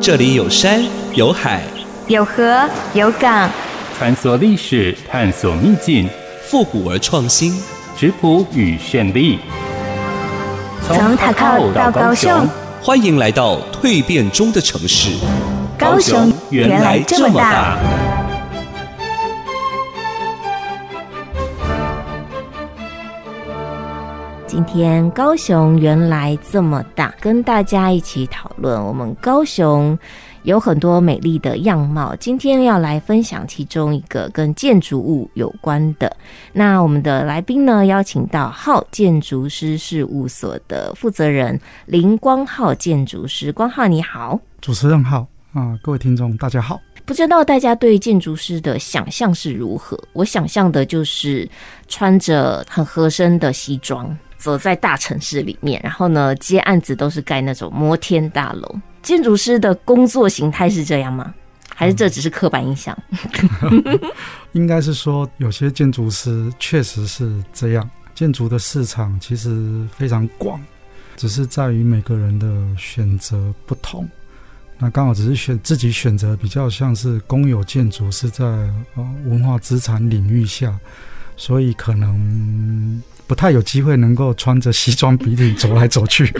這裡有山，有海，有河，有港。穿梭歷史，探索祕境，復古而創新，質樸與絢麗。從打狗到，到高雄，歡迎來到蛻變中的城市。高雄原來這麼大。今天高雄原來這麼大，跟大家一起討論我們高雄有很多美麗的樣貌。今天要來分享其中一個跟建築物有關的。那我們的來賓呢，邀請到好建築師事務所的負責人林光浩建築師，光浩你好。主持人好啊、呃，各位聽眾大家好。不知道大家對建築師的想象是如何？我想象的就是穿着很合身的西裝。走在大城市裡面，然後呢，接案子都是蓋那種摩天大樓。建築師的工作形態是這樣嗎？還是這只是刻板印象？嗯、 應該是說，有些建築師確實是這樣。建築的市場其實非常廣，只是在於每個人的選擇不同。那剛好只是選自己選擇比較像是公有建築，是在呃文化資產領域下，所以可能。不太有機會能夠穿着西裝筆挺走來走去。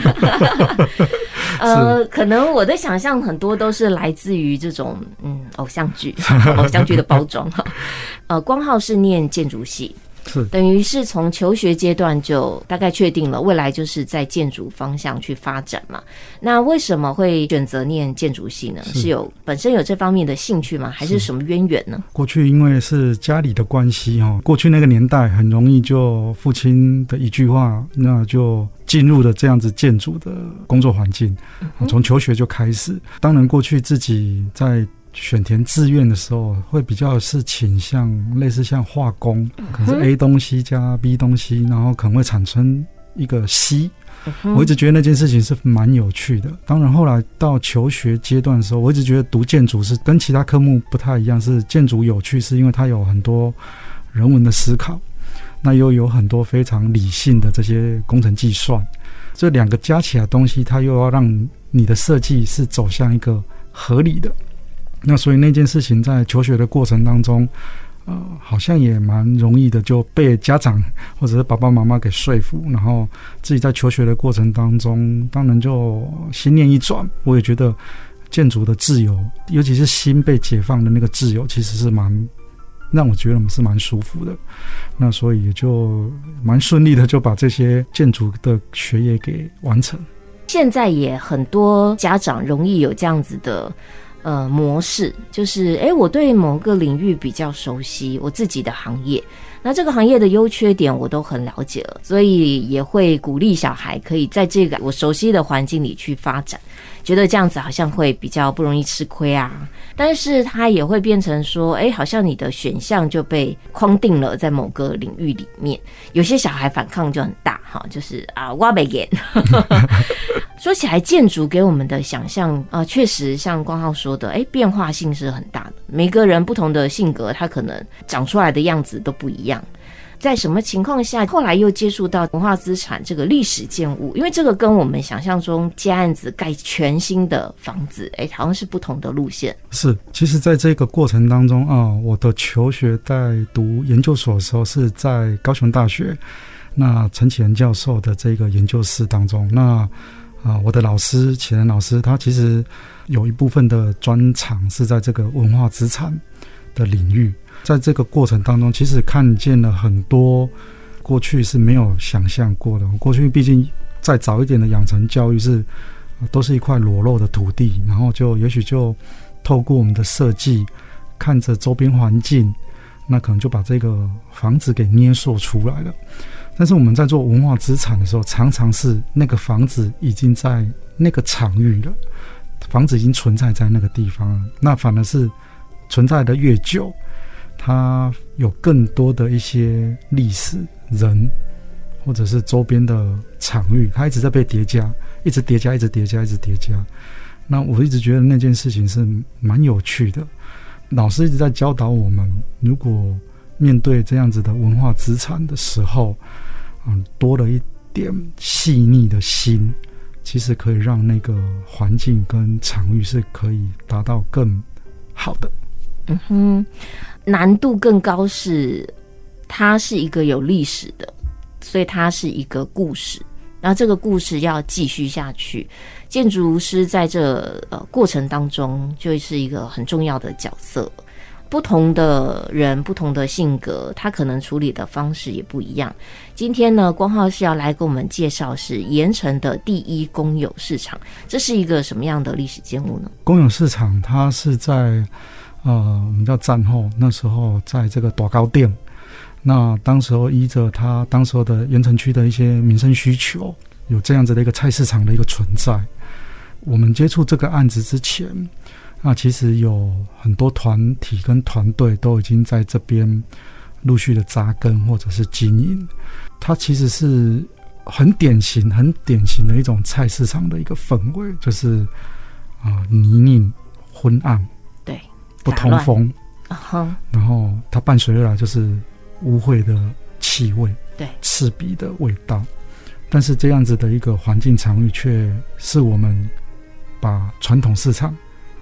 呃，可能我的想象很多都是來自於這種嗯偶像劇，偶像劇的包裝。 呃，光浩是念建築系？是，等於是從求學階段就大概確定了未來就是在建築方向去發展嘛。那為什麼會選擇念建築系呢？是，是有本身有這方面的興趣嗎？還是什麼淵源呢？過去因為是家裡的關係哦，過去那個年代很容易就父親的一句話，那就進入了這樣子建築的工作環境，嗯、從求學就開始。當然過去自己在。選填志願的時候，會比較是傾向類似像化工，可能是 A 東西加 B 東西，然後可能會產生一個 C。我一直覺得那件事情是蠻有趣的。當然後來到求學階段的時候，我一直覺得讀建築是跟其他科目不太一樣，是建築有趣是因為它有很多人文的思考，那又有很多非常理性的這些工程計算，這兩個加起來的東西，它又要讓你的設計是走向一個合理的。那所以那件事情在求學的過程當中，呃，好像也蠻容易的，就被家長或者是爸爸媽媽給說服，然後自己在求學的過程當中，當然就心念一轉，我也覺得建築的自由，尤其是心被解放的那個自由，其實是蠻讓我覺得是蠻舒服的。那所以也就蠻順利的就把這些建築的學業給完成。現在也很多家長容易有這樣子的。呃，模式就是，哎，我對某個領域比較熟悉，我自己的行業，那這個行業的優缺點我都很了解了，所以也會鼓勵小孩可以在這個我熟悉的環境裡去發展。覺得這樣子好像會比較不容易吃虧啊，但是它也會變成說，哎、欸，好像你的選項就被框定了在某個領域裡面。有些小孩反抗就很大哈，就是啊，挖鼻眼。 說起來，建築給我們的想象啊，呃，確實像光浩說的，哎、欸，變化性是很大的。每個人不同的性格，他可能長出來的樣子都不一樣。在什麼情況下，後來又接觸到文化資產這個歷史建物？因為這個跟我們想象中接案子蓋全新的房子，哎、欸，好像是不同的路線。是，其實，在這個過程當中啊，我的求學在讀研究所的時候是在高雄大學，那陳啟仁教授的這個研究室當中，那啊，我的老師啟仁老師，他其實有一部分的專長是在這個文化資產的領域。在這個過程當中，其實看見了很多過去是沒有想象過的。過去畢竟再早一點的養成教育是都是一塊裸露的土地，然後就也許就透過我們的設計看着周邊環境，那可能就把這個房子給捏塑出來了。但是我們在做文化資產的時候，常常是那個房子已經在那個場域了，房子已經存在在那個地方了，那反而是存在的越久。它有更多的一些歷史人，或者是周邊的場域，它一直在被疊加，一直疊加，一直疊加，一直疊加，一直疊加。那我一直覺得那件事情是蠻有趣的。老師一直在教導我們，如果面對這樣子的文化資產的時候，嗯，多了一點細膩的心，其實可以讓那個環境跟場域是可以達到更好的。嗯哼，難度更高，是它是一個有歷史的，所以它是一個故事。那這個故事要繼續下去，建築師在這呃過程當中就是一個很重要的角色。不同的人、不同的性格，他可能處理的方式也不一樣。今天呢，光浩是要來給我們介紹是鹽埕的第一公有市場，這是一個什麼樣的歷史建物呢？公有市場它是在。啊、呃，我們叫戰後，那時候在這個朵高店，那當時候依着他當時候的鹽埕區的一些民生需求，有這樣子的一個菜市場的一個存在。我們接觸這個案子之前，那其實有很多團體跟團隊都已經在這邊陸續的扎根，或者是經營。它其實是很典型、很典型的一種菜市場的一個氛圍，就是啊、呃，泥濘、昏暗。不通風，uh -huh. 然後它伴隨而來就是污穢的氣味，對，刺鼻的味道。但是這樣子的一個環境場域，卻是我們把傳統市場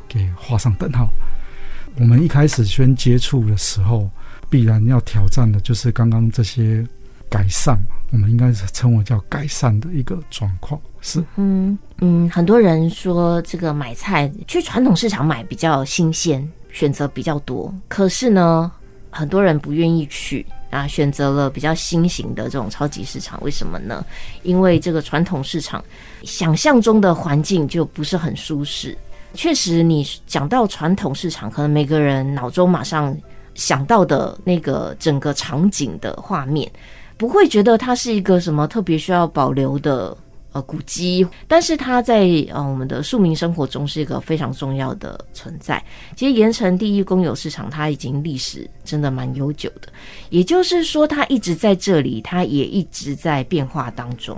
給畫上等號。Uh -huh. 我們一開始先接觸的時候，必然要挑戰的就是剛剛這些改善，我們應該是稱為叫改善的一個狀況。是，嗯嗯，很多人說這個買菜去傳統市場買比較新鮮。選擇比較多，可是呢，很多人不願意去啊，選擇了比較新型的這種超級市場，為什麼呢？因為這個傳統市場想象中的環境就不是很舒適。確實，你講到傳統市場，可能每個人腦中馬上想到的那個整個場景的畫面，不會覺得它是一個什麼特別需要保留的。呃，古蹟，但是它在呃我們的庶民生活中是一個非常重要的存在。其實，鹽埕第一公有市場它已經歷史真的蠻悠久的，也就是說，它一直在這裡，它也一直在變化當中。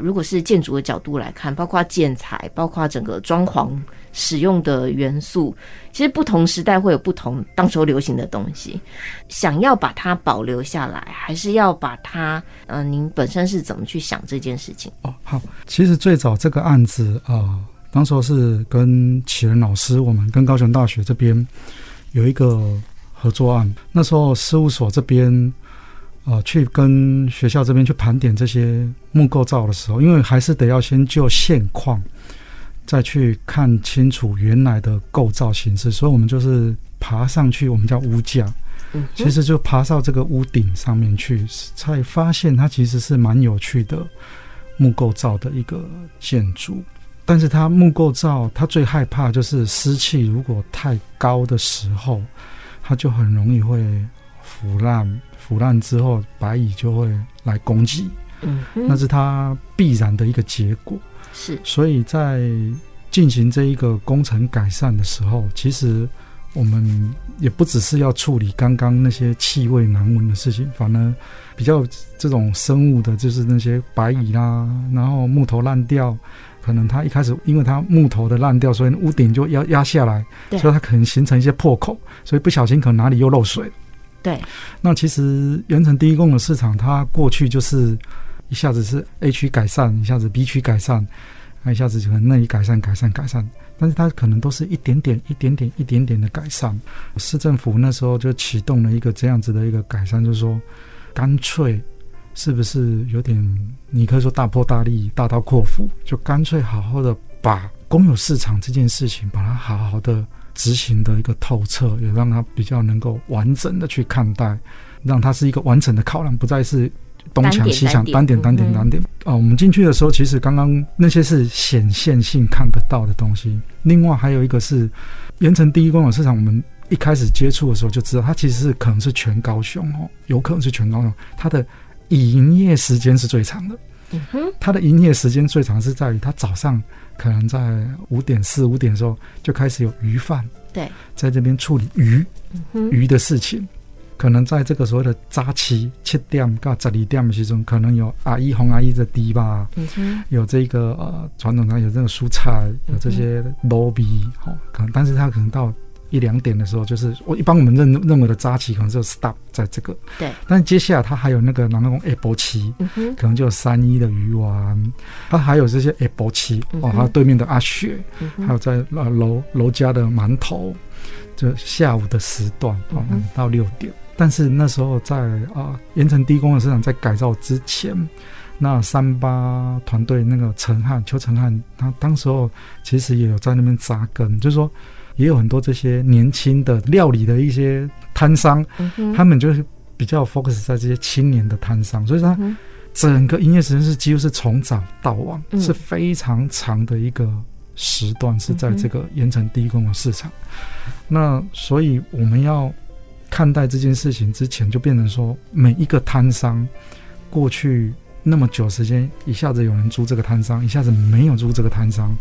如果是建築的角度來看，包括建材，包括整個裝潢使用的元素，其實不同時代會有不同，當時流行的東西，想要把它保留下來，還是要把它……嗯、呃，您本身是怎麼去想這件事情？哦，好，其實最早這個案子啊、呃，當時是跟啟仁老師，我們跟高雄大學這邊有一個合作案，那時候事務所這邊。啊，去跟學校這邊去盤點這些木構造的時候，因為還是得要先就現況，再去看清楚原來的構造形式，所以我們就是爬上去，我們叫屋架，其實就爬到這個屋頂上面去，才發現它其實是蠻有趣的木構造的一個建築。但是它木構造，它最害怕就是濕氣如果太高的時候，它就很容易會腐爛。腐爛之後，白蟻就會來攻擊。嗯，那是它必然的一個結果。是，所以在進行這一個工程改善的時候，其實我們也不只是要處理剛剛那些氣味難聞的事情，反而比較這種生物的，就是那些白蟻啦、啊，然後木頭爛掉，可能它一開始因為它木頭的爛掉，所以屋頂就要壓下來，所以它可能形成一些破口，所以不小心可能哪裡又漏水。對，那其實原城第一共有市場，它過去就是一下子是 A 區改善，一下子 B 區改善，那一下子可能那裡改善、改善、改善，但是它可能都是一點點、一點點、一點點的改善。市政府那時候就啟動了一個這樣子的一個改善，就是說乾脆是不是有點，你可以說大破大立、大刀闊斧，就乾脆好好的把公有市場這件事情把它好好的。執行的一個透徹，也讓他比較能夠完整的去看待，讓他是一個完整的考量，不再是東牆西牆，單點單點單點啊、嗯呃！我們進去的時候，其實剛剛那些是顯現性看得到的東西。另外還有一個是，鹽埕第一公有市場，我們一開始接觸的時候就知道，它其實是可能是全高雄哦，有可能是全高雄，它的營業時間是最長的。嗯哼，他的營業時間最長是在於，他早上可能在五點四五點的時候就開始有魚販，對，在這邊處理魚，魚的事情，可能在這個所謂的扎七七點到十二點其中，可能有阿姨紅阿姨的堤吧，有這個呃傳統上有這個蔬菜，有這些蘿蔔好，可能，但是他可能到。一兩點的時候，就是我一般我們認認為的扎旗，可能就 stop 在這個。對。但接下來他還有那個南宮艾博奇，可能就三一的魚丸，他還有這些艾博奇。哦，他對面的阿雪，嗯、還有在、呃、樓樓家的饅頭，就下午的時段哦、嗯，到六點、嗯。但是那時候在啊，鹽、呃、埕第一公有市場在改造之前，那三八團隊那個陳漢邱陳漢，成他當時候其實也有在那邊扎根，就是說。也有很多這些年輕的料理的一些攤商、嗯，他們就是比較 focus 在這些青年的攤商，所以說他整個營業時間是幾乎是從早到晚、嗯，是非常長的一個時段，是在這個鹽埕第一公有市場、嗯。那所以我們要看待這件事情之前，就變成說，每一個攤商過去那麼久時間，一下子有人租這個攤商，一下子沒有租這個攤商，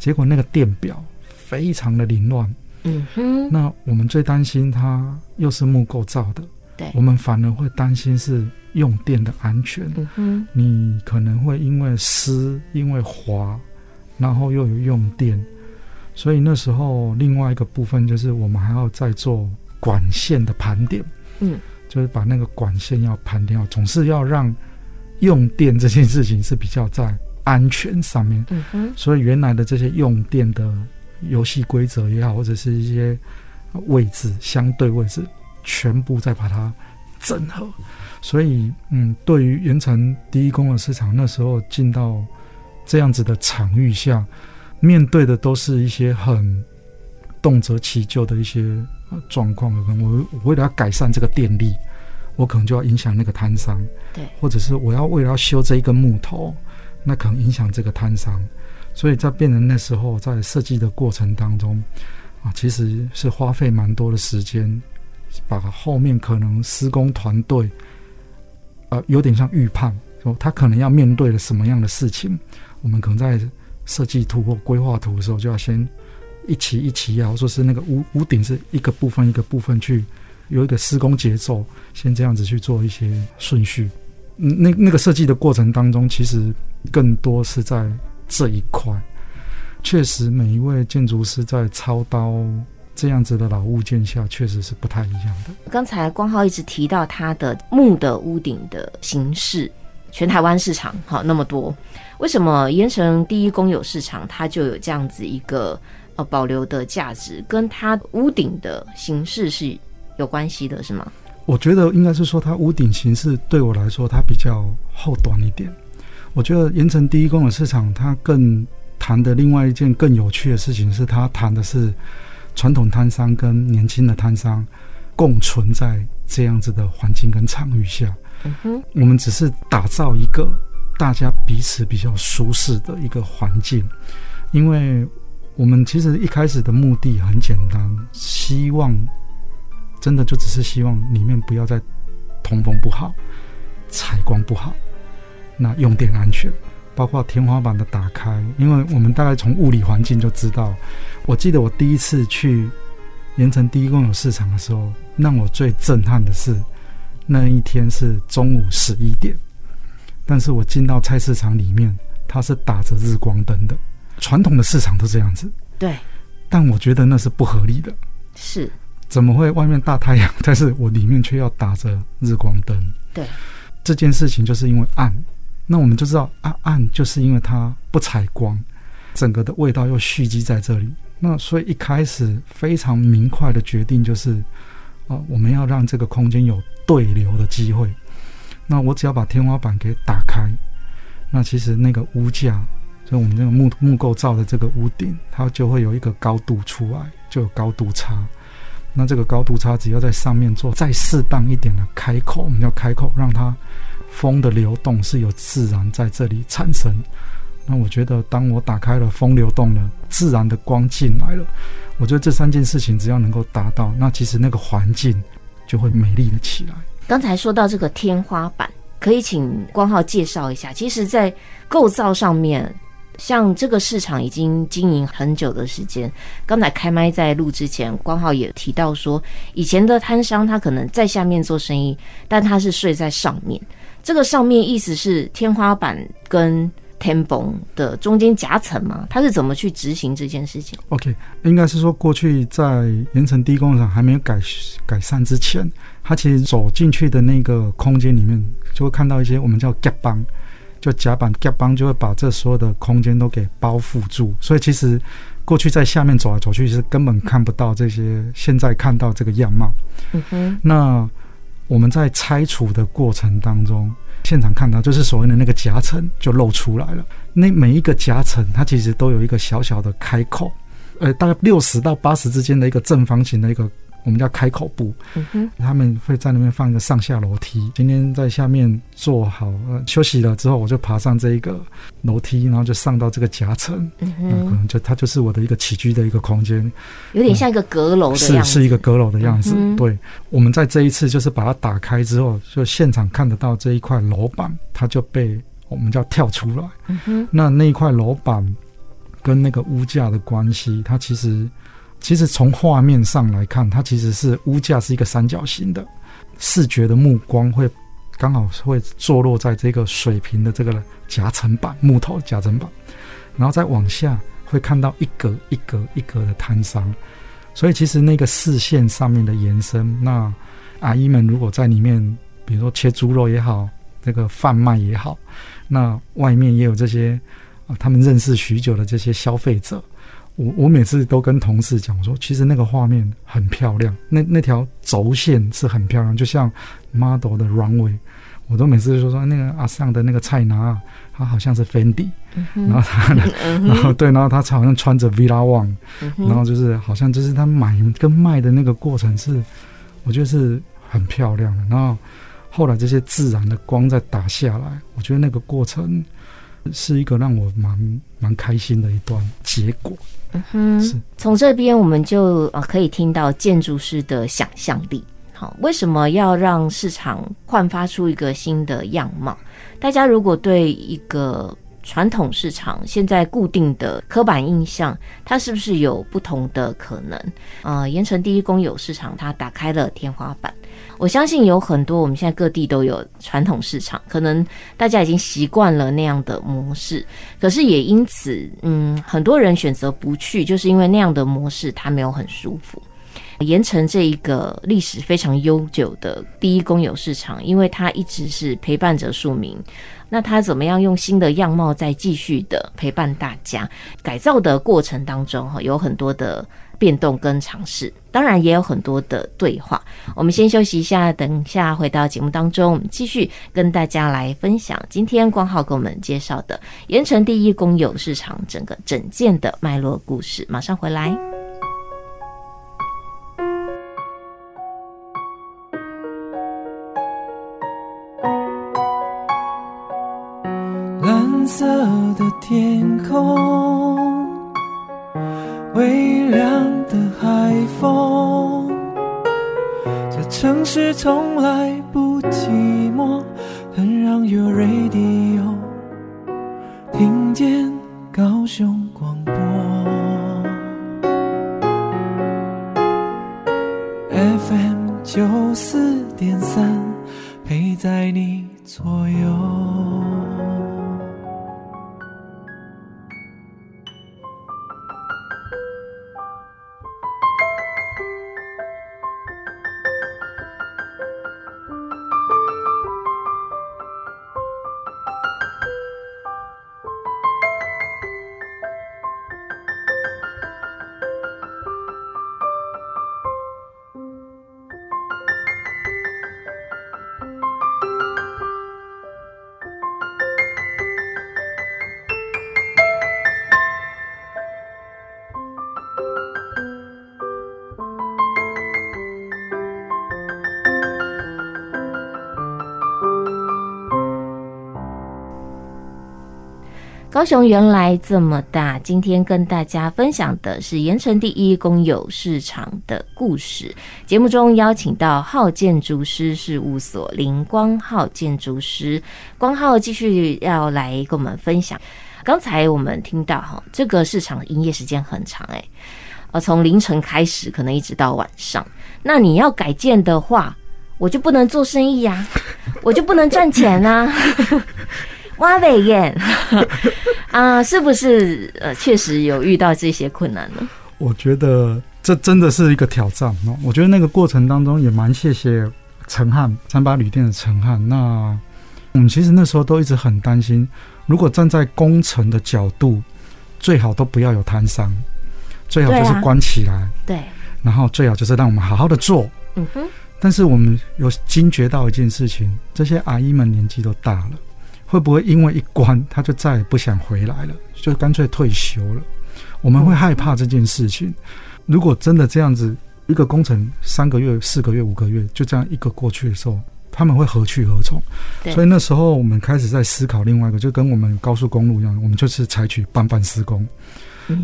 結果那個電表。非常的凌亂，嗯哼，那我們最擔心它又是木構造的，對，我們反而會擔心是用電的安全，嗯哼，你可能會因為濕，因為滑，然後又有用電，所以那時候另外一個部分就是我們還要再做管線的盤點，嗯，就是把那個管線要盤掉，總是要讓用電這件事情是比較在安全上面，嗯哼，所以原來的這些用電的。遊戲規則也好，或者是一些位置、相對位置，全部再把它整合。所以，嗯，對於鹽埕第一公有市場那時候進到這樣子的場域下，面對的都是一些很動輒得咎的一些狀況。可能我為了要改善這個電力，我可能就要影響那個攤商，對，或者是我要為了要修這一根木頭，那可能影響這個攤商。所以在變成那時候，在設計的過程當中，啊，其實是花費蠻多的時間，把後面可能施工團隊，啊，有點像預判，說他可能要面對的什麼樣的事情，我們可能在設計圖或規劃圖的時候，就要先一期一期要說是那個屋屋頂是一個部分一個部分去，有一個施工節奏，先這樣子去做一些順序。那那個設計的過程當中，其實更多是在。這一塊，確實每一位建築師在操刀這樣子的老物件下，確實是不太一樣的。剛才光浩一直提到他的木的屋頂的形式，全台灣市場哈那麼多，為什麼鹽埕第一公有市場它就有這樣子一個呃保留的價值，跟它屋頂的形式是有關係的，是嗎？我覺得應該是說它屋頂形式對我來說它比較後短一點。我覺得鹽埕第一公有市場，它更談的另外一件更有趣的事情，是它談的是傳統攤商跟年輕的攤商共存在這樣子的環境跟場域下嗯。嗯。我們只是打造一個大家彼此比較舒適的一個環境，因為我們其實一開始的目的很簡單，希望真的就只是希望裡面不要再通風不好、採光不好。那用電安全，包括天花板的打開，因為我們大概從物理環境就知道。我記得我第一次去鹽埕第一公有市場的時候，讓我最震撼的是那一天是中午十一點，但是我進到菜市場裡面，它是打着日光燈的。傳統的市場都這樣子，對。但我覺得那是不合理的，是。怎麼會外面大太陽，但是我裡面卻要打着日光燈？對。這件事情就是因為暗。那我們就知道，暗就是因為它不採光，整個的味道又蓄積在這裡。那所以一開始非常明快的決定就是，啊、呃，我們要讓這個空間有對流的機會。那我只要把天花板給打開，那其實那個屋架，就我們這個木木構造的這個屋頂，它就會有一個高度出來，就有高度差。那這個高度差只要在上面做再適當一點的開口，我們要開口讓它。風的流動是有自然在這裡產生，那我覺得當我打開了風流動了，自然的光進來了，我覺得這三件事情只要能夠達到，那其實那個環境就會美麗了起來。剛才說到這個天花板，可以請光浩介紹一下。其實，在構造上面，像這個市場已經經營很久的時間。剛才開麥在錄之前，光浩也提到說，以前的攤商他可能在下面做生意，但他是睡在上面。這個上面意思是天花板跟天棚的中間夾層嘛？它是怎麼去執行這件事情？OK，應該是說過去在鹽埕第一公有市場還沒有改改善之前，它其實走進去的那個空間裡面，就會看到一些我們叫夾板，就夾板夾板就會把這所有的空間都給包覆住。所以其實過去在下面走來走去是根本看不到這些，現在看到這個樣貌。嗯哼，那。我們在拆除的過程當中，現場看到就是所謂的那個夾層就露出來了。那每一個夾層它其實都有一個小小的開口，呃，大概六十到八十之間的一個正方形的一個。我們叫開口部，嗯、他們會在那邊放一個上下樓梯。今天在下面坐好，呃、休息了之後，我就爬上這一個樓梯，然後就上到這個夾層，可、嗯、能、嗯、就它就是我的一個起居的一個空間，有點像一個閣樓的樣子，嗯、是是一個閣樓的樣子、嗯。對，我們在這一次就是把它打開之後，就現場看得到這一塊樓板，它就被我們叫跳出來。嗯、那那一塊樓板跟那個屋架的關係，它其實。其實從畫面上來看，它其實是屋架是一個三角形的，視覺的目光會剛好會坐落在這個水平的這個夾層板，木頭夾層板，然後再往下會看到一格一格一格的攤商，所以其實那個視線上面的延伸，那阿姨們如果在裡面，比如說切豬肉也好，這個販賣也好，那外面也有這些啊，他們認識許久的這些消費者。我我每次都跟同事講，我說其實那個畫面很漂亮，那那條軸線是很漂亮，就像 model 的 runway。我都每次就說那個阿桑的那個菜拿，他好像是 Fendi、嗯、然後他呢、嗯，然後對，然後他好像穿着 Vera Wang 然後就是好像就是他買跟賣的那個過程是，我覺得是很漂亮的。然後後來這些自然的光在打下來，我覺得那個過程。是一個讓我蠻蠻開心的一段結果。嗯哼，是從這邊我們就啊可以聽到建築師的想象力。好，為什麼要讓市場煥發出一個新的樣貌？大家如果對一個。傳統市場現在固定的刻板印象，它是不是有不同的可能？呃，鹽埕第一公有市場它打開了天花板。我相信有很多我們現在各地都有傳統市場，可能大家已經習慣了那樣的模式，可是也因此，嗯，很多人選擇不去，就是因為那樣的模式它沒有很舒服。鹽埕這一個歷史非常悠久的第一公有市場，因為它一直是陪伴着庶民。那它怎麼樣用新的樣貌再繼續的陪伴大家？改造的過程當中，哈，有很多的變動跟嘗試，當然也有很多的對話。我們先休息一下，等一下回到節目當中，我們繼續跟大家來分享今天光浩給我們介紹的鹽埕第一公有市場整個整件的脈絡故事。馬上回來。高雄原來這麼大。今天跟大家分享的是鹽埕第一公有市場的故事。節目中邀請到浩建築師事務所林光浩建築師，光浩繼續要來跟我們分享。剛才我們聽到哈，這個市場營業時間很長，欸，誒，從凌晨開始，可能一直到晚上。那你要改建的話，我就不能做生意呀，啊，我就不能賺錢啊 挖北燕啊，是不是呃，確實有遇到這些困難呢？我覺得這真的是一個挑戰哦。我覺得那個過程當中也蠻謝謝陳漢三八旅店的陳漢。那我們其實那時候都一直很擔心，如果站在工程的角度，最好都不要有攤商，最好就是關起來對、啊。對，然後最好就是讓我們好好的做。嗯哼。但是我們有驚覺到一件事情，這些阿姨們年紀都大了。會不會因為一關他就再也不想回來了，就乾脆退休了？我們會害怕這件事情。如果真的這樣子，一個工程三個月、四個月、五個月就這樣一個過去的時候，他們會何去何從？所以那時候我們開始在思考另外一個，就跟我們高速公路一樣，我們就是採取半半施工，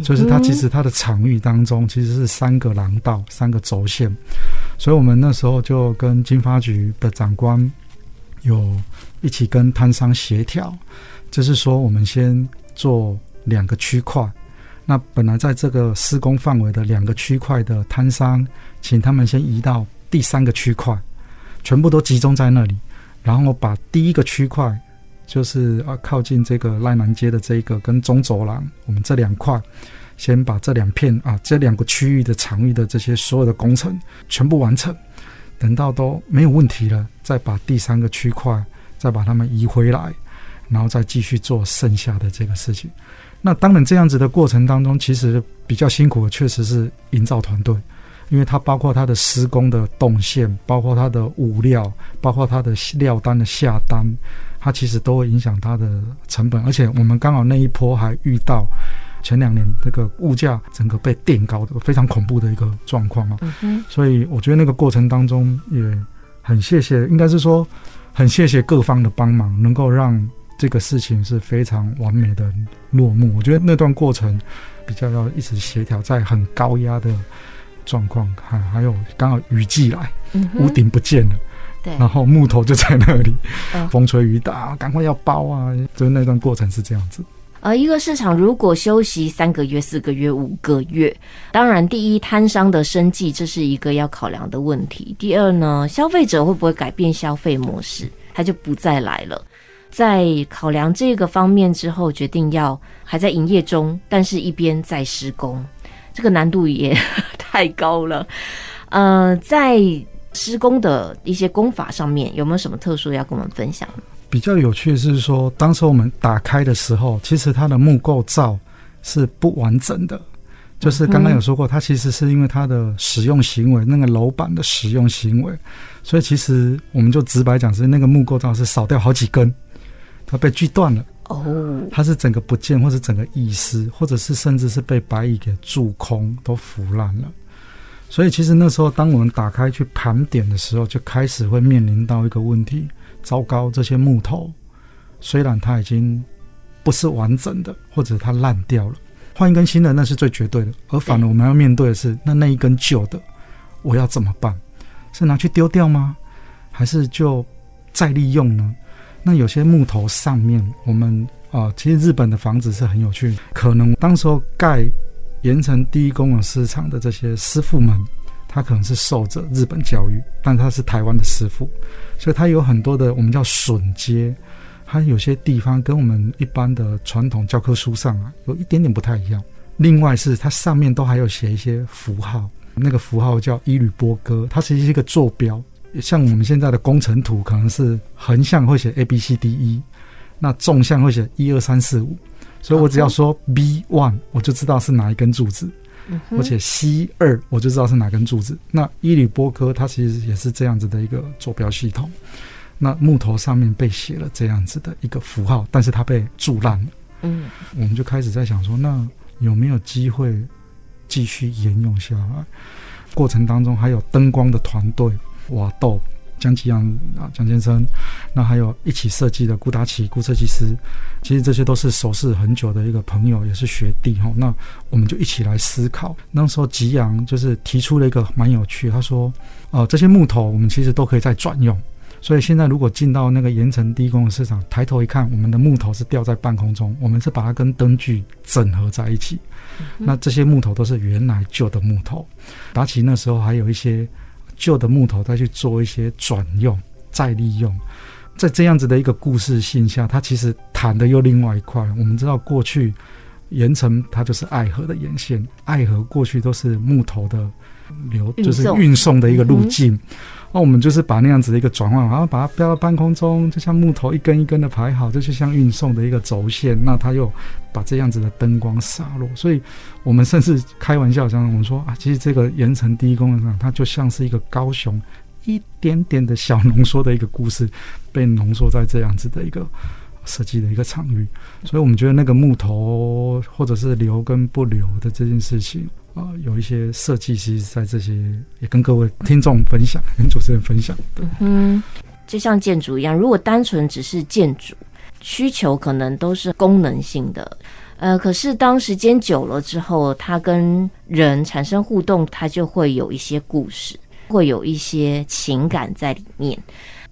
就是它其實它的場域當中其實是三個廊道、三個軸線，所以我們那時候就跟經發局的長官有。一起跟攤商協調，就是說，我們先做兩個區塊。那本來在這個施工範圍的兩個區塊的攤商，請他們先移到第三個區塊，全部都集中在那裡。然後把第一個區塊，就是啊靠近這個瀨南街的這個跟中走廊，我們這兩塊，先把這兩片啊這兩個區域的場域的這些所有的工程全部完成。等到都沒有問題了，再把第三個區塊。再把他們移回來，然後再繼續做剩下的這個事情。那當然，這樣子的過程當中，其實比較辛苦的，確實是營造團隊，因為它包括它的施工的動線，包括它的物料，包括它的料單的下單，它其實都會影響它的成本。而且我們剛好那一波還遇到前兩年這個物價整個被墊高的非常恐怖的一個狀況嘛，所以我覺得那個過程當中也很謝謝，應該是說。很謝謝各方的幫忙，能夠讓這個事情是非常完美的落幕。我覺得那段過程比較要一直協調在很高壓的狀況，還還有剛好雨季來，屋頂不見了，然後木頭就在那裡，風吹雨打，趕快要包啊！所以那段過程是這樣子。而、呃、一個市場如果休息三個月、四個月、五個月，當然，第一，攤商的生計，這是一個要考量的問題；第二呢，消費者會不會改變消費模式，他就不再來了。在考量這個方面之後，決定要還在營業中，但是一邊在施工，這個難度也 太高了。呃，在施工的一些工法上面，有沒有什麼特殊要跟我們分享？比較有趣的是說，當時我們打開的時候，其實它的木構造是不完整的。就是剛剛有說過，它其實是因為它的使用行為，那個樓板的使用行為，所以其實我們就直白講，是那個木構造是少掉好幾根，它被鋸斷了。哦，它是整個不見，或是整個遺失，或者是甚至是被白蟻給蛀空，都腐爛了。所以其實那時候，當我們打開去盤點的時候，就開始會面臨到一個問題。糟糕，這些木頭雖然它已經不是完整的，或者它爛掉了，換一根新的那是最絕對的。而反而我們要面對的是，那那一根舊的，我要怎麼辦？是拿去丟掉嗎？還是就再利用呢？那有些木頭上面，我們啊、呃，其實日本的房子是很有趣的，可能當時候蓋鹽埕第一公有市場的這些師傅們。他可能是受着日本教育，但他是台灣的師傅，所以他有很多的我們叫榫接，他有些地方跟我們一般的傳統教科書上啊有一點點不太一樣。另外是它上面都還有寫一些符號，那個符號叫伊呂波歌，它其實是一個坐標，像我們現在的工程圖可能是橫向會寫 A B C D E，那縱向會寫一二三四五，所以我只要說 B one，我就知道是哪一根柱子。而且 C2 我就知道是哪根柱子。那伊呂波歌它其實也是這樣子的一個坐標系統。那木頭上面被寫了這樣子的一個符號，但是它被蛀爛了。嗯，我們就開始在想說，那有沒有機會繼續沿用下來？過程當中還有燈光的團隊挖到。江吉陽啊，江先生，那還有一起設計的顧達奇顧設計師，其實這些都是熟識很久的一個朋友，也是學弟哈。那我們就一起來思考，那時候吉陽就是提出了一個蠻有趣，他說，呃，這些木頭我們其實都可以再轉用，所以現在如果進到那個鹽埕第一公有市場，抬頭一看，我們的木頭是吊在半空中，我們是把它跟燈具整合在一起。那這些木頭都是原來舊的木頭，達奇那時候還有一些。舊的木頭再去做一些轉用、再利用，在這樣子的一個故事性下，它其實談的又另外一塊。我們知道過去。鹽埕，它就是愛河的沿線。愛河過去都是木頭的流，就是運送的一個路徑。那、嗯、我們就是把那樣子的一個轉換，然後把它飆到半空中，就像木頭一根一根的排好，就像運送的一個軸線。那他又把這樣子的燈光灑落，所以我們甚至開玩笑，像我們說啊，其實這個鹽埕第一公有市場它就像是一個高雄一點點的小濃縮的一個故事，被濃縮在這樣子的一個。設計的一個場域，所以我們覺得那個木頭或者是留跟不留的這件事情啊、呃，有一些設計，其實在這些也跟各位聽眾分享，跟主持人分享。對，嗯，就像建築一樣，如果單純只是建築，需求可能都是功能性的，呃，可是當時間久了之後，它跟人產生互動，它就會有一些故事，會有一些情感在裡面。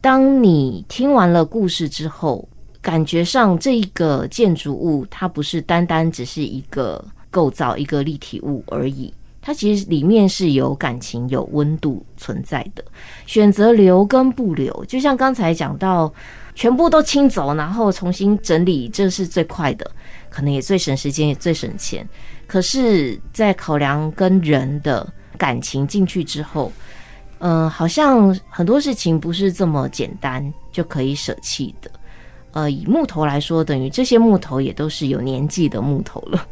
當你聽完了故事之後。感覺上，這一個建築物，它不是單單只是一個構造、一個立體物而已，它其實裡面是有感情、有溫度存在的。選擇留跟不留，就像剛才講到，全部都清走，然後重新整理，這是最快的，可能也最省時間，也最省錢。可是，在考量跟人的感情進去之後，嗯、呃，好像很多事情不是這麼簡單就可以捨棄的。呃，以木頭來說，等於這些木頭也都是有年紀的木頭了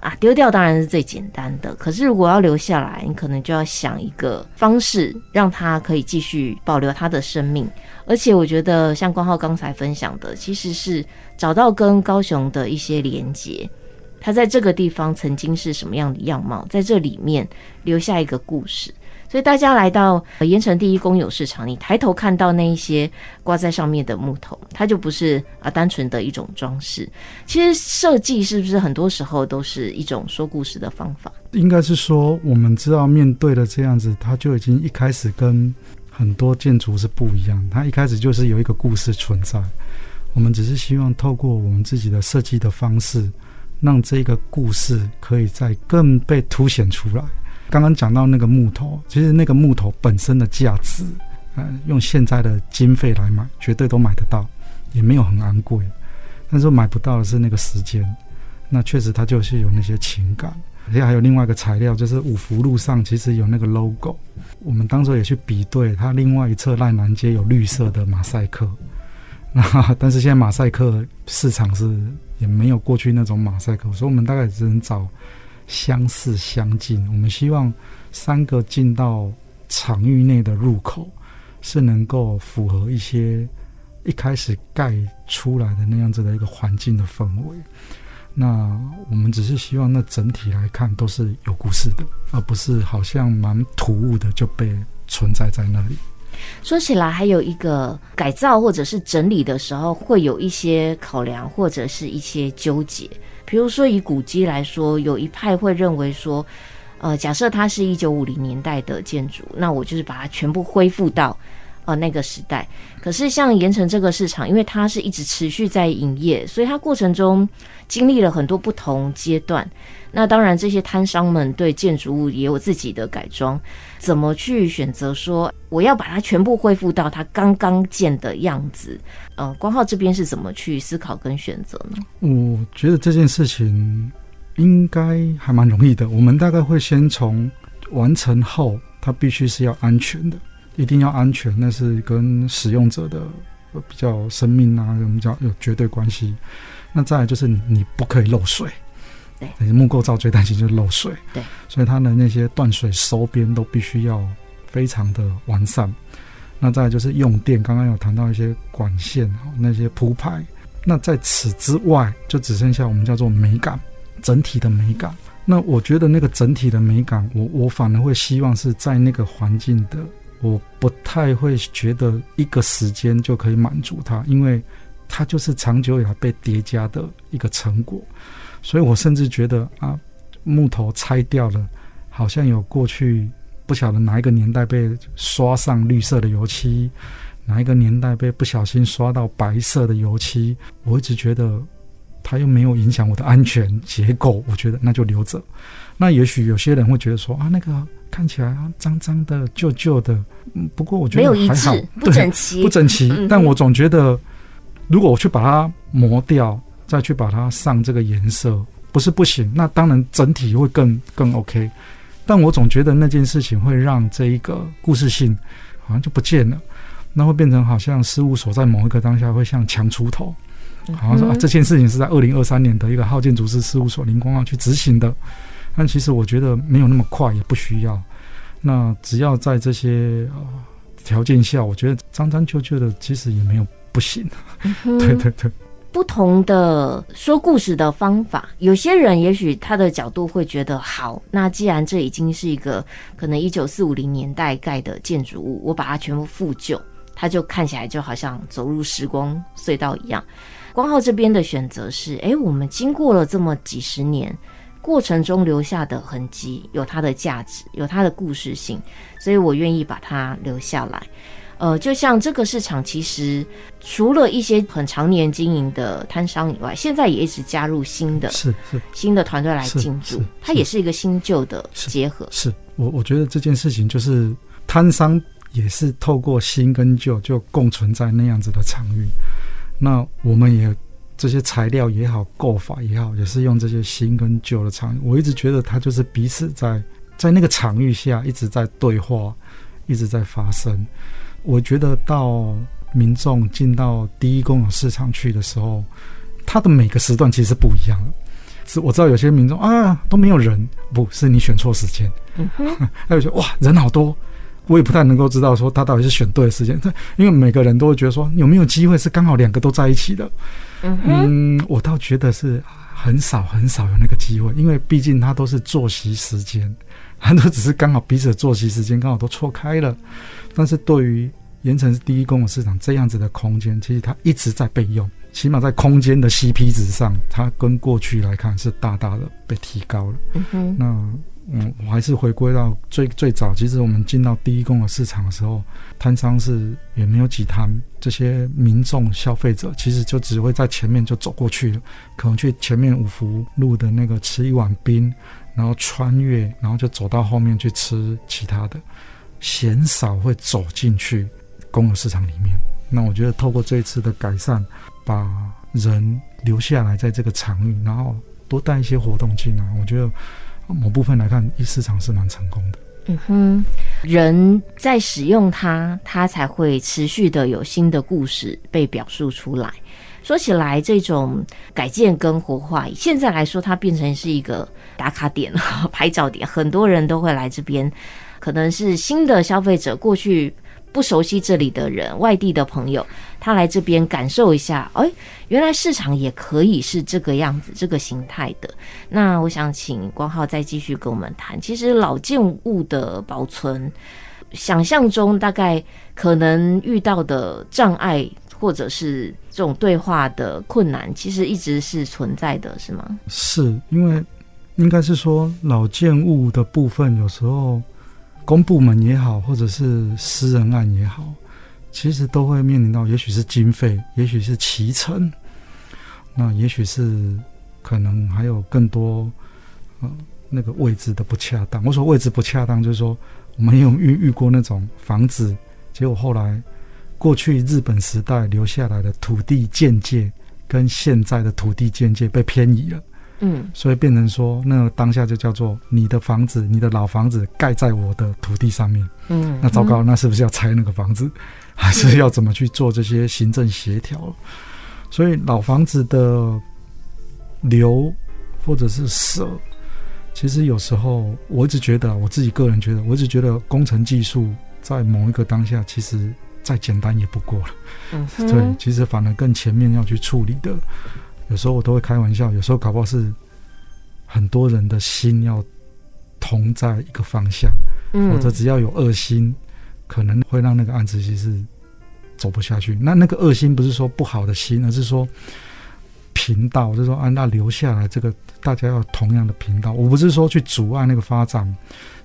啊！丟掉當然是最簡單的，可是如果要留下來，你可能就要想一個方式，讓它可以繼續保留它的生命。而且我覺得，像光浩剛才分享的，其實是找到跟高雄的一些連結，他在這個地方曾經是什麼樣的樣貌，在這裡面留下一個故事。所以大家來到鹽埕第一公有市場，你抬頭看到那一些掛在上面的木頭，它就不是啊單純的一種裝飾。其實設計是不是很多時候都是一種說故事的方法？應該是說，我們知道面對的這樣子，它就已經一開始跟很多建築是不一樣。它一開始就是有一個故事存在。我們只是希望透過我們自己的設計的方式，讓這個故事可以再更被凸顯出來。剛剛講到那個木頭，其實那個木頭本身的價值，嗯、呃，用現在的經費來買，絕對都買得到，也沒有很昂貴。但是買不到的是那個時間，那確實它就是有那些情感。而且還有另外一個材料，就是五福路上其實有那個 logo，我們當初也去比對，它另外一側瀨南街有綠色的馬賽克。那但是現在馬賽克市場是也沒有過去那種馬賽克，所以我們大概只能找。相似相近，我們希望三個進到場域內的入口是能夠符合一些一開始蓋出來的那樣子的一個環境的氛圍。那我們只是希望那整體來看都是有故事的，而不是好像蠻突兀的就被存在在那裡。說起來，還有一個改造或者是整理的時候會有一些考量或者是一些糾結。比如說，以古蹟來說，有一派會認為說，呃，假設它是一九五零年代的建築，那我就是把它全部恢復到，呃，那個時代。可是像鹽埕這個市場，因為它是一直持續在營業，所以它過程中經歷了很多不同階段。那當然，這些攤商們對建築物也有自己的改裝，怎麼去選擇？說我要把它全部恢復到它剛剛建的樣子，呃，光浩這邊是怎麼去思考跟選擇呢？我覺得這件事情應該還蠻容易的。我們大概會先從完成後，它必須是要安全的，一定要安全，那是跟使用者的呃比較生命啊，我們叫有絕對關係。那再來就是你，你不可以漏水。木構造最擔心就是漏水，對，所以它的那些斷水收邊都必須要非常的完善。那再來就是用電，剛剛有談到一些管線啊，那些鋪排。那在此之外，就只剩下我們叫做美感，整體的美感。那我覺得那個整體的美感，我我反而會希望是在那個環境的，我不太會覺得一個時間就可以滿足它，因為它就是長久以來被疊加的一個成果。所以我甚至覺得啊，木頭拆掉了，好像有過去不曉得哪一個年代被刷上綠色的油漆，哪一個年代被不小心刷到白色的油漆。我一直覺得，它又沒有影響我的安全結構，我覺得那就留着。那也許有些人會覺得說啊，那個看起來髒髒的、舊舊的，不過我覺得沒有一致，不整齊，不整齊。但我總覺得，如果我去把它磨掉。再去把它上這個顏色，不是不行。那當然整體會更更 OK，但我總覺得那件事情會讓這一個故事性好像就不見了，那會變成好像事務所在某一個當下會像搶出頭、嗯，好像說、啊、這件事情是在二零二三年的一個號建築師事，事務所林光浩去執行的。但其實我覺得沒有那麼快，也不需要。那只要在這些條、呃、件下，我覺得髒髒舊舊的其實也沒有不行。嗯、 對對對。不同的說故事的方法，有些人也許他的角度會覺得好。那既然這已經是一個可能一九四五零年代蓋的建築物，我把它全部復舊，它就看起來就好像走入時光隧道一樣。光浩這邊的選擇是：誒，我們經過了這麼幾十年過程中留下的痕跡，有它的價值，有它的故事性，所以我願意把它留下來。呃，就像這個市場，其實除了一些很常年經營的攤商以外，現在也一直加入新的，是是新的團隊來進駐，是是是，它也是一個新舊的結合。是，是，是，我我覺得這件事情就是攤商也是透過新跟舊就共存在那樣子的場域，那我們也這些材料也好，構法也好，也是用這些新跟舊的場域。我一直覺得它就是彼此在在那個場域下一直在對話，一直在發生。我覺得到民眾進到第一公有市場去的時候，他的每個時段其實不一樣的。是，我知道有些民眾啊都沒有人，不是你選錯時間。他還有說哇人好多，我也不太能夠知道說他到底是選對的時間。這因為每個人都會覺得說有沒有機會是剛好兩個都在一起的。嗯,嗯我倒覺得是很少很少有那個機會，因為畢竟他都是作息時間，很多只是剛好彼此的作息時間剛好都錯開了。但是對於鹽埕市第一公有市場這樣子的空間，其實它一直在被用，起碼在空間的 C P 值上，它跟過去來看是大大的被提高了。嗯。那我我還是回歸到最最早，其實我們進到第一公有市場的時候，攤商是也沒有幾攤，這些民眾消費者其實就只會在前面就走過去了，可能去前面五福路的那個吃一碗冰，然後穿越，然後就走到後面去吃其他的。鮮少會走進去公有市場裡面。那我覺得透過這一次的改善，把人留下來在這個場域，然後多帶一些活動進來，我覺得某部分來看，一市場是蠻成功的。嗯哼，人在使用它，它才會持續的有新的故事被表述出來。說起來，這種改建跟活化，現在來說，它變成是一個打卡點、拍照點，很多人都會來這邊。可能是新的消費者，過去不熟悉這裡的人，外地的朋友，他來這邊感受一下，哎、欸，原來市場也可以是這個樣子、這個形態的。那我想請光浩再繼續跟我們談，其實老建物的保存，想象中大概可能遇到的障礙，或者是這種對話的困難，其實一直是存在的，是嗎？是因為，應該是說老建物的部分，有時候。公部門也好，或者是私人案也好，其實都會面臨到也，也許是經費，也許是期程，那也許是可能還有更多，嗯、呃，那個位置的不恰當。我說位置不恰當，就是說我們有遇遇過那種房子，結果後來過去日本時代留下來的土地鑑界，跟現在的土地鑑界被偏移了。所以變成說，那當下就叫做你的房子，你的老房子蓋在我的土地上面。嗯，那糟糕，那是不是要拆那個房子，還是要怎麼去做這些行政協調？所以老房子的留或者是捨，其實有時候我一直覺得，我自己個人覺得，我一直覺得工程技術在某一個當下，其實再簡單也不過了。對，其實反而更前面要去處理的。有時候我都會開玩笑，有時候搞不好是很多人的心要同在一個方向，否、嗯、則只要有二心，可能會讓那個案子其實走不下去。那那個二心不是說不好的心，而是說頻道，就是說啊，那留下來這個大家要同樣的頻道。我不是說去阻礙那個發展，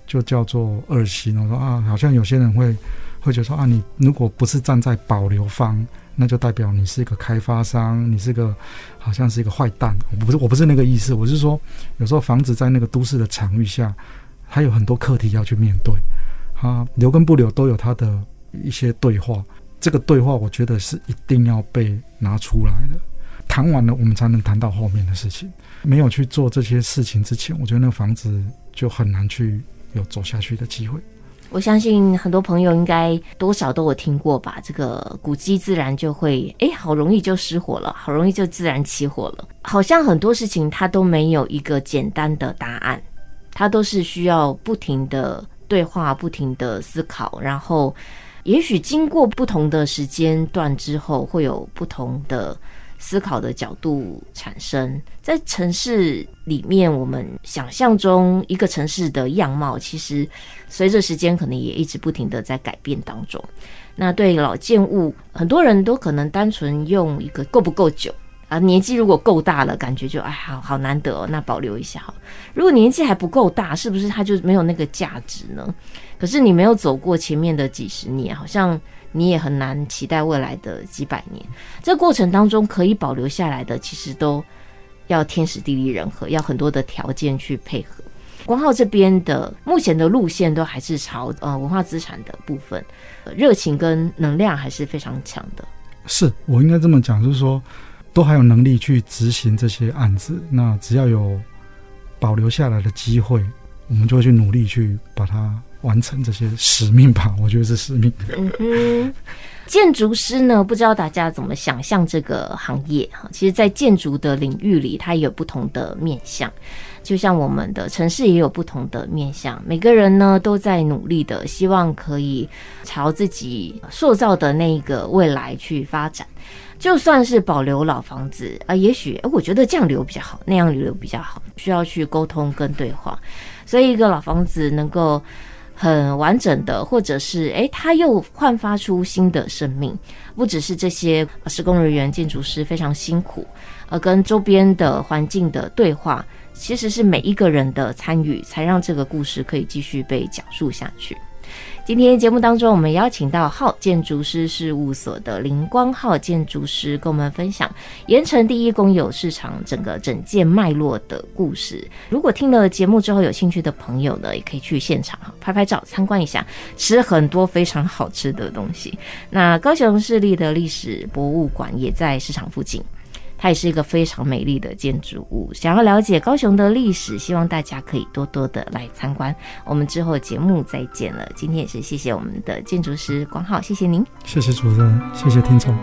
就叫做二心。我說啊，好像有些人會會覺得說啊，你如果不是站在保留方。那就代表你是一個開發商，你是個好像是一個壞蛋，我不是我不是那個意思，我是說有時候房子在那個都市的場域下，它有很多課題要去面對，它、啊、留跟不留都有它的一些對話，這個對話我覺得是一定要被拿出來的，談完了我們才能談到後面的事情，沒有去做這些事情之前，我覺得那個房子就很難去有走下去的機會。我相信很多朋友應該多少都有聽過吧？這個古蹟自然就會，哎，好容易就失火了，好容易就自然起火了。好像很多事情它都沒有一個簡單的答案，它都是需要不停的對話、不停的思考，然後也許經過不同的時間段之後，會有不同的。思考的角度產生在城市裡面，我們想象中一個城市的樣貌，其實隨着時間可能也一直不停的在改變當中。那對老建物，很多人都可能單純用一個夠不夠久啊、呃，年紀如果夠大了，感覺就哎，好好難得哦，那保留一下好。如果年紀還不夠大，是不是它就沒有那個價值呢？可是你沒有走過前面的幾十年，好像。你也很難期待未來的幾百年，這過程當中可以保留下來的，其實都要天時地利人和，要很多的條件去配合。光浩這邊的目前的路線都還是朝呃文化資產的部分，熱情跟能量還是非常強的。是，我應該這麼講，就是說都還有能力去執行這些案子，那只要有保留下來的機會，我們就會去努力去把它。完成這些使命吧，我覺得是使命。嗯哼，建築師呢，不知道大家怎麼想象這個行業哈？其實，在建築的領域裡，它也有不同的面向。就像我們的城市也有不同的面向，每個人呢都在努力的，希望可以朝自己塑造的那個未來去發展。就算是保留老房子啊，呃，也許，呃，我覺得這樣留比較好，那樣留比較好，需要去溝通跟對話。所以，一個老房子能夠。很完整的，或者是，哎、欸，它又煥發出新的生命。不只是這些施工人員、建築師非常辛苦，而跟周邊的環境的對話，其實是每一個人的參與，才讓這個故事可以繼續被講述下去。今天節目當中，我們邀請到浩建築師事務所的林光浩建築師，跟我們分享鹽埕第一公有市場整個整建脈絡的故事。如果聽了節目之後有興趣的朋友呢，也可以去現場拍拍照、參觀一下，吃很多非常好吃的東西。那高雄市立的歷史博物館也在市場附近。它也是一個非常美麗的建築物。想要了解高雄的歷史，希望大家可以多多的來參觀。我們之後節目再見了。今天也是謝謝我們的建築師光浩，謝謝您，謝謝主持人，謝謝聽眾。